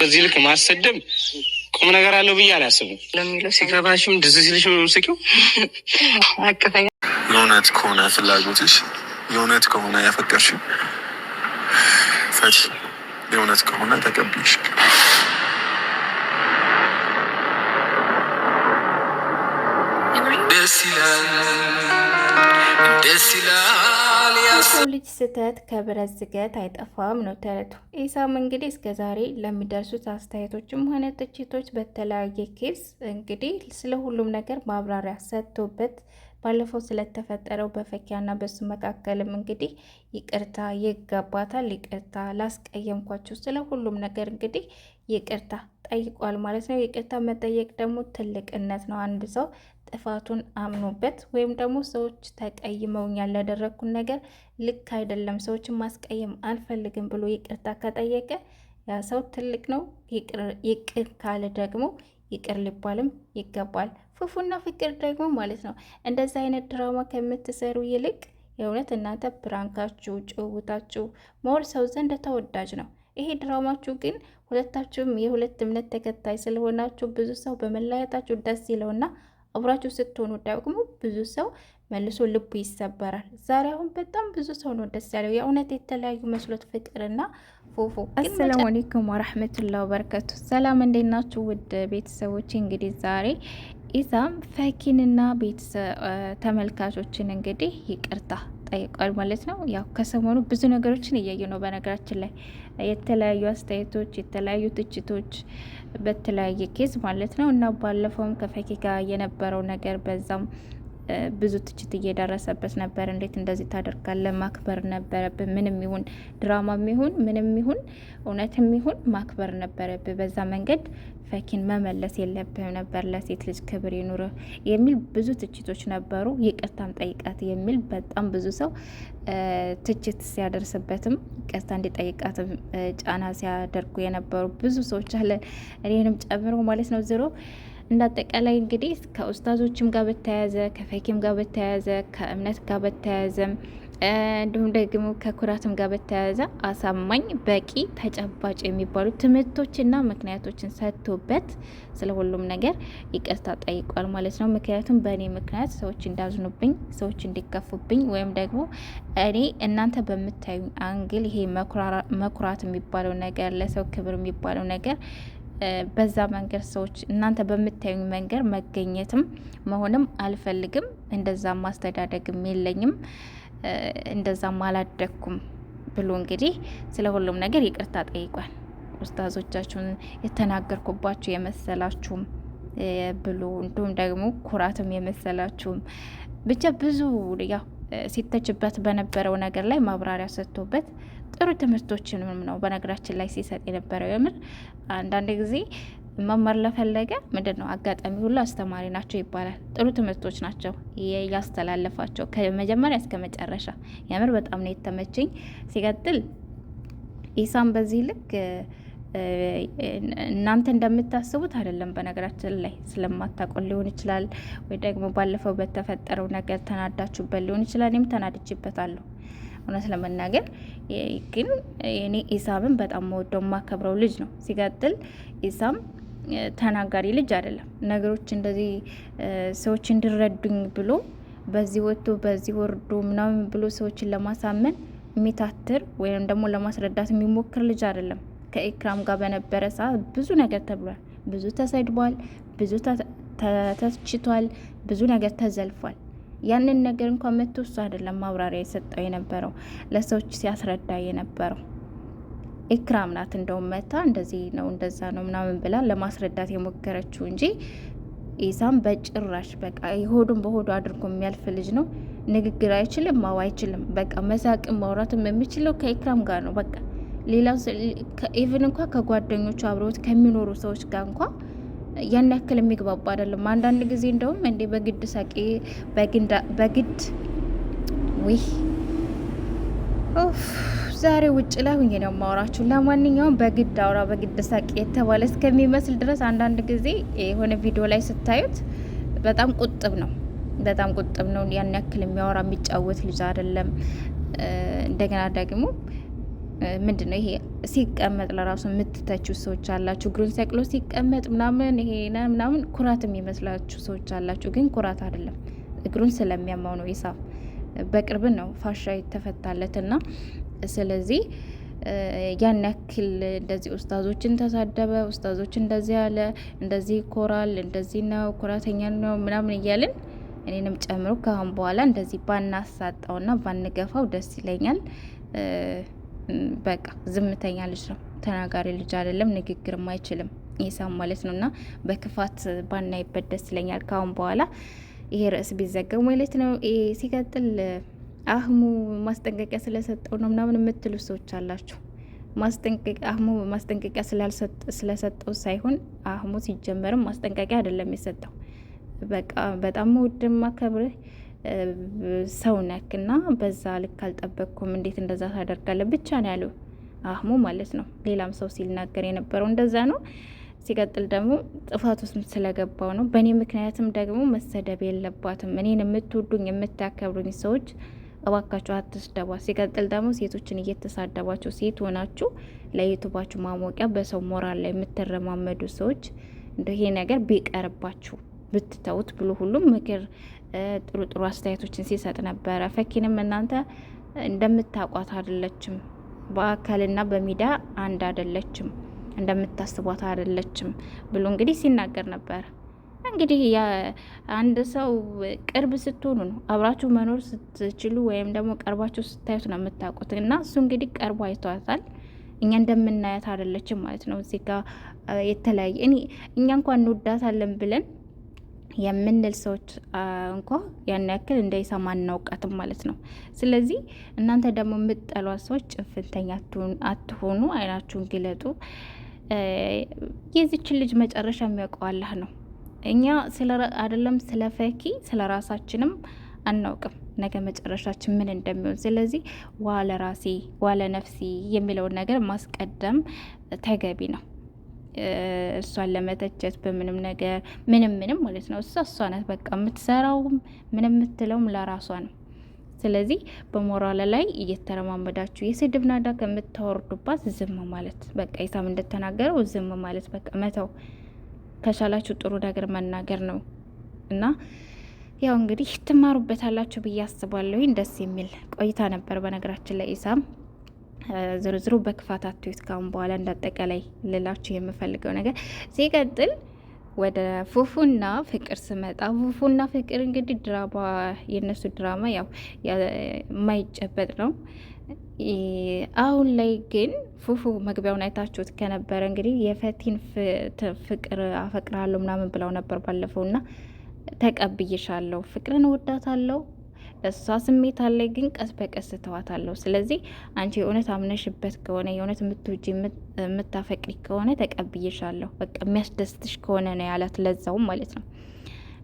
በዚህ ልክ ማሰደብ ቁም ነገር አለው ብዬ አላስብም። ለሚለው ሲገባሽም ድዝ ሲልሽ ምስኪው የእውነት ከሆነ ፍላጎትሽ የእውነት ከሆነ ያፈቀርሽ ፈ የእውነት ከሆነ ተቀብሽ የሰው ልጅ ስህተት ከብረት ዝገት አይጠፋም ነው ተረቱ። ኢሳም እንግዲህ እስከ ዛሬ ለሚደርሱት አስተያየቶችም ሆነ ትችቶች በተለያየ ኬስ እንግዲህ ስለ ሁሉም ነገር ማብራሪያ ሰጥቶበት ባለፈው ስለተፈጠረው በፈኪያና በሱ መካከልም እንግዲህ ይቅርታ ይገባታል፣ ይቅርታ ላስቀየምኳችሁ፣ ስለ ሁሉም ነገር እንግዲህ ይቅርታ ጠይቋል ማለት ነው። ይቅርታ መጠየቅ ደግሞ ትልቅነት ነው። አንድ ሰው ጥፋቱን አምኖበት ወይም ደግሞ ሰዎች ተቀይመውኛል ያደረግኩን ነገር ልክ አይደለም፣ ሰዎችን ማስቀየም አልፈልግም ብሎ ይቅርታ ከጠየቀ ያ ሰው ትልቅ ነው። ይቅር ካለ ደግሞ ይቅር ሊባልም ይገባል። ፉፉና ፍቅር ደግሞ ማለት ነው እንደዚህ አይነት ድራማ ከምትሰሩ ይልቅ የእውነት እናንተ ብራንካችሁ፣ ጭውታችሁ መወር ሰው ዘንድ ተወዳጅ ነው። ይሄ ድራማችሁ ግን ሁለታችሁም የሁለት እምነት ተከታይ ስለሆናችሁ ብዙ ሰው በመለያየታችሁ ደስ ይለውና አብራችሁ ስትሆኑ ደግሞ ብዙ ሰው መልሶ ልቡ ይሰበራል። ዛሬ አሁን በጣም ብዙ ሰው ነው ደስ ያለው የእውነት የተለያዩ መስሎት ፍቅርና ፉፉ። አሰላሙ አለይኩም ወራህመቱላሂ ወበረከቱ። ሰላም እንዴት ናችሁ ውድ ቤተሰቦች? እንግዲህ ዛሬ ኢሳም ፈኪንና ቤተሰብ ተመልካቾችን እንግዲህ ይቅርታ ጠይቋል ማለት ነው። ያው ከሰሞኑ ብዙ ነገሮችን እያየ ነው። በነገራችን ላይ የተለያዩ አስተያየቶች፣ የተለያዩ ትችቶች በተለያየ ኬዝ ማለት ነው እና ባለፈውም ከፈኪ ጋር የነበረው ነገር በዛም ብዙ ትችት እየደረሰበት ነበር። እንዴት እንደዚህ ታደርጋለህ? ማክበር ነበረብህ። ምንም ይሁን ድራማም ይሁን ምንም ይሁን እውነትም ይሁን ማክበር ነበረብህ። በዛ መንገድ ፈኪን መመለስ የለብህም ነበር። ለሴት ልጅ ክብር ይኑርህ የሚል ብዙ ትችቶች ነበሩ። ይቅርታም ጠይቃት የሚል በጣም ብዙ ሰው ትችት ሲያደርስበትም ይቅርታ እንዲጠይቃትም ጫና ሲያደርጉ የነበሩ ብዙ ሰዎች አለን፣ እኔንም ጨምሮ ማለት ነው ዝሮ እንዳጠቃላይ እንግዲህ ከኡስታዞችም ጋር በተያያዘ ከፈኪም ጋር በተያያዘ ከእምነት ጋር በተያያዘም እንዲሁም ደግሞ ከኩራትም ጋር በተያያዘ አሳማኝ በቂ ተጨባጭ የሚባሉ ትምህርቶችና ምክንያቶችን ሰጥቶበት ስለ ሁሉም ነገር ይቅርታ ጠይቋል ማለት ነው። ምክንያቱም በእኔ ምክንያት ሰዎች እንዳዝኑብኝ፣ ሰዎች እንዲከፉብኝ ወይም ደግሞ እኔ እናንተ በምታዩኝ አንግል ይሄ መኩራት የሚባለው ነገር ለሰው ክብር የሚባለው ነገር በዛ መንገድ ሰዎች እናንተ በምታዩኝ መንገድ መገኘትም መሆንም አልፈልግም። እንደዛም ማስተዳደግም የለኝም እንደዛም አላደግኩም ብሎ እንግዲህ ስለ ሁሉም ነገር ይቅርታ ጠይቋል። ኡስታዞቻችሁን የተናገርኩባችሁ የመሰላችሁም ብሎ እንዲሁም ደግሞ ኩራትም የመሰላችሁም ብቻ ብዙ ያው ሲተችበት በነበረው ነገር ላይ ማብራሪያ ሰጥቶበት ጥሩ ትምህርቶችንም ነው በነገራችን ላይ ሲሰጥ የነበረው። የምር አንዳንድ ጊዜ መማር ለፈለገ ምንድን ነው አጋጣሚ ሁሉ አስተማሪ ናቸው ይባላል። ጥሩ ትምህርቶች ናቸው ያስተላለፋቸው ከመጀመሪያ እስከ መጨረሻ። የምር በጣም ነው የተመቸኝ። ሲቀጥል ኢሳም በዚህ ልክ እናንተ እንደምታስቡት አይደለም። በነገራችን ላይ ስለማታቆን ሊሆን ይችላል፣ ወይ ደግሞ ባለፈው በተፈጠረው ነገር ተናዳችሁበት ሊሆን ይችላል። እኔም ተናድጄበታለሁ እውነት ለመናገር ግን እኔ ኢሳምን በጣም መወደው የማከብረው ልጅ ነው። ሲቀጥል ኢሳም ተናጋሪ ልጅ አይደለም። ነገሮች እንደዚህ ሰዎች እንዲረዱኝ ብሎ በዚህ ወጥቶ በዚህ ወርዶ ምናምን ብሎ ሰዎችን ለማሳመን የሚታትር ወይም ደግሞ ለማስረዳት የሚሞክር ልጅ አይደለም። ከኢክራም ጋር በነበረ ሰዓት ብዙ ነገር ተብሏል፣ ብዙ ተሰድቧል፣ ብዙ ተተችቷል፣ ብዙ ነገር ተዘልፏል። ያንን ነገር እንኳን መቶ እሱ አይደለም ማብራሪያ የሰጠው የነበረው ለሰዎች ሲያስረዳ የነበረው ኢክራም ናት። እንደውም መታ እንደዚህ ነው እንደዛ ነው ምናምን ብላ ለማስረዳት የሞከረችው እንጂ ኢሳም በጭራሽ በቃ የሆዱን በሆዱ አድርጎ የሚያልፍ ልጅ ነው። ንግግር አይችልም፣ ማው አይችልም። በቃ መሳቅም ማውራትም የሚችለው ከኤክራም ጋር ነው በቃ ሌላው ኢቨን እንኳ ከጓደኞቹ አብረውት ከሚኖሩ ሰዎች ጋር እንኳ ያን ያክል የሚግባቡ አይደለም። አንዳንድ ጊዜ እንደውም እንዴ በግድ ሳቄ በግድ ዊህ ዛሬ ውጭ ላይ ሁኜ ነው የማወራችሁ። ለማንኛውም በግድ አውራ በግድ ሳቅ የተባለ እስከሚመስል ድረስ አንዳንድ ጊዜ የሆነ ቪዲዮ ላይ ስታዩት በጣም ቁጥብ ነው፣ በጣም ቁጥብ ነው። ያን ያክል የሚያወራ የሚጫወት ልጅ አይደለም። እንደገና ደግሞ ምንድን ነው ይሄ ሲቀመጥ ለራሱ የምትተችው ሰዎች አላችሁ። እግሩን ሰቅሎ ሲቀመጥ ምናምን ይሄ ምናምን ኩራት የሚመስላችሁ ሰዎች አላችሁ። ግን ኩራት አይደለም፣ እግሩን ስለሚያማው ነው። ይሳ በቅርብ ነው ፋሻ የተፈታለት እና ስለዚህ ያን ያክል እንደዚህ ኡስታዞችን ተሳደበ፣ ኡስታዞች እንደዚህ አለ፣ እንደዚህ ይኮራል፣ እንደዚህ ነው፣ ኩራተኛ ነው ምናምን እያልን እኔንም ጨምሮ ከአሁን በኋላ እንደዚህ ባናሳጣውና ባንገፋው ደስ ይለኛል። በቃ ዝምተኛ ልጅ ነው። ተናጋሪ ልጅ አይደለም። ንግግርም አይችልም ኢሳም ማለት ነው። እና በክፋት ባናይበት ደስ ይለኛል ካሁን በኋላ ይሄ ርዕስ ቢዘገብ ማለት ነው። ሲቀጥል አህሙ ማስጠንቀቂያ ስለሰጠው ነው ምናምን የምትሉ ሰዎች አላችሁ። አህሙ ማስጠንቀቂያ ስለሰጠው ሳይሆን አህሙ ሲጀመርም ማስጠንቀቂያ አይደለም የሰጠው። በቃ በጣም ውድማ ከብርህ ሰው ነክ እና በዛ ልክ አልጠበቅኩም፣ እንዴት እንደዛ ታደርጋለ ብቻ ነው ያለው አህሙ ማለት ነው። ሌላም ሰው ሲናገር የነበረው እንደዛ ነው። ሲቀጥል ደግሞ ጥፋት ውስጥ ስለገባው ነው። በእኔ ምክንያትም ደግሞ መሰደብ የለባትም። እኔን የምትወዱኝ የምታከብሩኝ ሰዎች እባካችሁ አትስደቧት። ሲቀጥል ደግሞ ሴቶችን እየተሳደባችሁ ሴት ሆናችሁ ለዩቱባችሁ ማሞቂያ በሰው ሞራል ላይ የምትረማመዱ ሰዎች እንደ ይሄ ነገር ቢቀርባችሁ ብትተውት ብሎ ሁሉም ምክር ጥሩ ጥሩ አስተያየቶችን ሲሰጥ ነበረ። ፈኪንም እናንተ እንደምታውቋት አይደለችም፣ በአካልና በሚዲያ አንድ አይደለችም፣ እንደምታስቧት አይደለችም ብሎ እንግዲህ ሲናገር ነበረ። እንግዲህ አንድ ሰው ቅርብ ስትሆኑ ነው አብራችሁ መኖር ስትችሉ ወይም ደግሞ ቀርባችሁ ስታዩት ነው የምታውቁት። እና እሱ እንግዲህ ቀርቦ አይተዋታል። እኛ እንደምናያት አይደለችም ማለት ነው። እዚህ ጋ የተለያየ እኛ እንኳን እንወዳታለን ብለን የምንል ሰዎች እንኳ ያን ያክል እንዳይሰማ እናውቃትም ማለት ነው። ስለዚህ እናንተ ደግሞ የምጠሏት ሰዎች ጭፍንተኛ አትሆኑ፣ አይናችሁን ግለጡ። የዚችን ልጅ መጨረሻ የሚያውቀው አላህ ነው። እኛ አይደለም ስለ ፈኪ ስለ ራሳችንም አናውቅም ነገ መጨረሻችን ምን እንደሚሆን። ስለዚህ ዋለ ራሴ ዋለ ነፍሴ የሚለውን ነገር ማስቀደም ተገቢ ነው። እሷን ለመተቸት በምንም ነገር ምንም ምንም ማለት ነው። እሷ እሷ ናት በቃ የምትሰራውም ምንም የምትለውም ለራሷ ነው። ስለዚህ በሞራል ላይ እየተረማመዳችሁ የስድብ ናዳ ከምታወርዱባት ዝም ማለት በቃ ኢሳም እንደተናገረው ዝም ማለት በቃ መተው ከቻላችሁ ጥሩ ነገር መናገር ነው እና ያው እንግዲህ ትማሩበታላችሁ ብዬ አስባለሁ። ደስ የሚል ቆይታ ነበር በነገራችን ላይ ኢሳም ዝርዝሩ በክፋት አትዩት ካሁን በኋላ እንዳጠቃላይ ልላችሁ የምፈልገው ነገር ሲቀጥል ወደ ፉፉና ፍቅር ስመጣ ፉፉና ፍቅር እንግዲህ ድራማ የነሱ ድራማ ያው የማይጨበጥ ነው። አሁን ላይ ግን ፉፉ መግቢያውን አይታችሁት ከነበረ እንግዲህ የፈቲን ፍቅር አፈቅራለሁ ምናምን ብለው ነበር ባለፈው እና ተቀብይሻለሁ፣ ፍቅርን ወዳታለሁ እሷ ስሜት አለ፣ ግን ቀስ በቀስ ተዋታለሁ። ስለዚህ አንቺ የእውነት አምነሽበት ከሆነ የእውነት የምትወጂ የምታፈቅሪ ከሆነ ተቀብዬሻለሁ፣ በቃ የሚያስደስትሽ ከሆነ ነው ያላት፣ ለዛውም ማለት ነው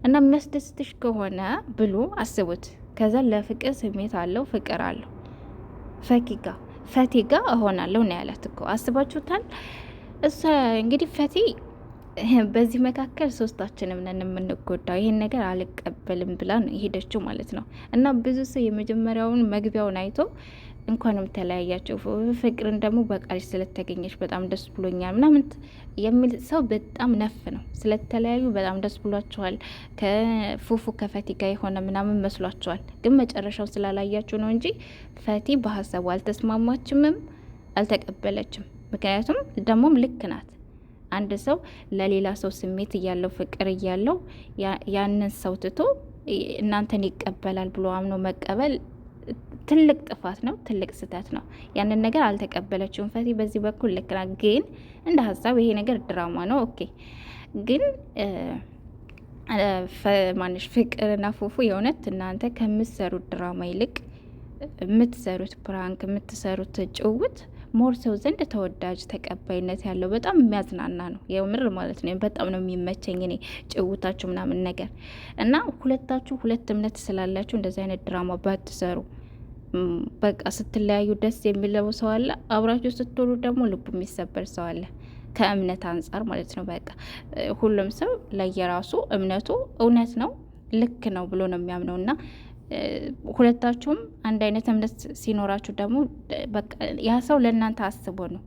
እና የሚያስደስትሽ ከሆነ ብሎ አስቡት። ከዛ ለፍቅር ስሜት አለው፣ ፍቅር አለው ፈኪጋ ፈቲጋ እሆናለሁ ነው ያላት እኮ አስባችሁታል። እሷ እንግዲህ ፈቲ በዚህ መካከል ሶስታችንም ነን የምንጎዳው። ይህን ነገር አልቀበልም ብላ ነው ማለት ነው። እና ብዙ ሰው የመጀመሪያውን መግቢያውን አይቶ እንኳንም ተለያያቸው ፍቅርን ደግሞ በቃልሽ ስለተገኘች በጣም ደስ ብሎኛል ምናምን የሚል ሰው በጣም ነፍ ነው። ስለተለያዩ በጣም ደስ ብሏቸዋል። ከፉፉ ከፈቲ ጋር የሆነ ምናምን መስሏቸዋል። ግን መጨረሻው ስላላያቸው ነው እንጂ ፈቲ በሀሳቡ አልተስማማችምም፣ አልተቀበለችም። ምክንያቱም ደግሞም ልክ ናት አንድ ሰው ለሌላ ሰው ስሜት እያለው ፍቅር እያለው ያንን ሰው ትቶ እናንተን ይቀበላል ብሎ አምኖ መቀበል ትልቅ ጥፋት ነው፣ ትልቅ ስህተት ነው። ያንን ነገር አልተቀበለችውም። ፈቲ በዚህ በኩል ልክ ናት፣ ግን እንደ ሀሳብ ይሄ ነገር ድራማ ነው። ኦኬ ግን ማነሽ ፍቅርና ፉፉ የእውነት እናንተ ከምትሰሩት ድራማ ይልቅ የምትሰሩት ፕራንክ የምትሰሩት ጭውት ሞር ሰው ዘንድ ተወዳጅ ተቀባይነት ያለው በጣም የሚያዝናና ነው። የምር ማለት ነው። በጣም ነው የሚመቸኝ እኔ ጭውታችሁ ምናምን ነገር እና ሁለታችሁ ሁለት እምነት ስላላችሁ እንደዚህ አይነት ድራማ ባትሰሩ በቃ ስትለያዩ ደስ የሚለው ሰው አለ፣ አብራችሁ ስትሆኑ ደግሞ ልቡ የሚሰበር ሰው አለ። ከእምነት አንጻር ማለት ነው። በቃ ሁሉም ሰው ለየራሱ እምነቱ እውነት ነው ልክ ነው ብሎ ነው የሚያምነው እና ሁለታችሁም አንድ አይነት እምነት ሲኖራችሁ ደግሞ ያ ሰው ለእናንተ አስቦ ነው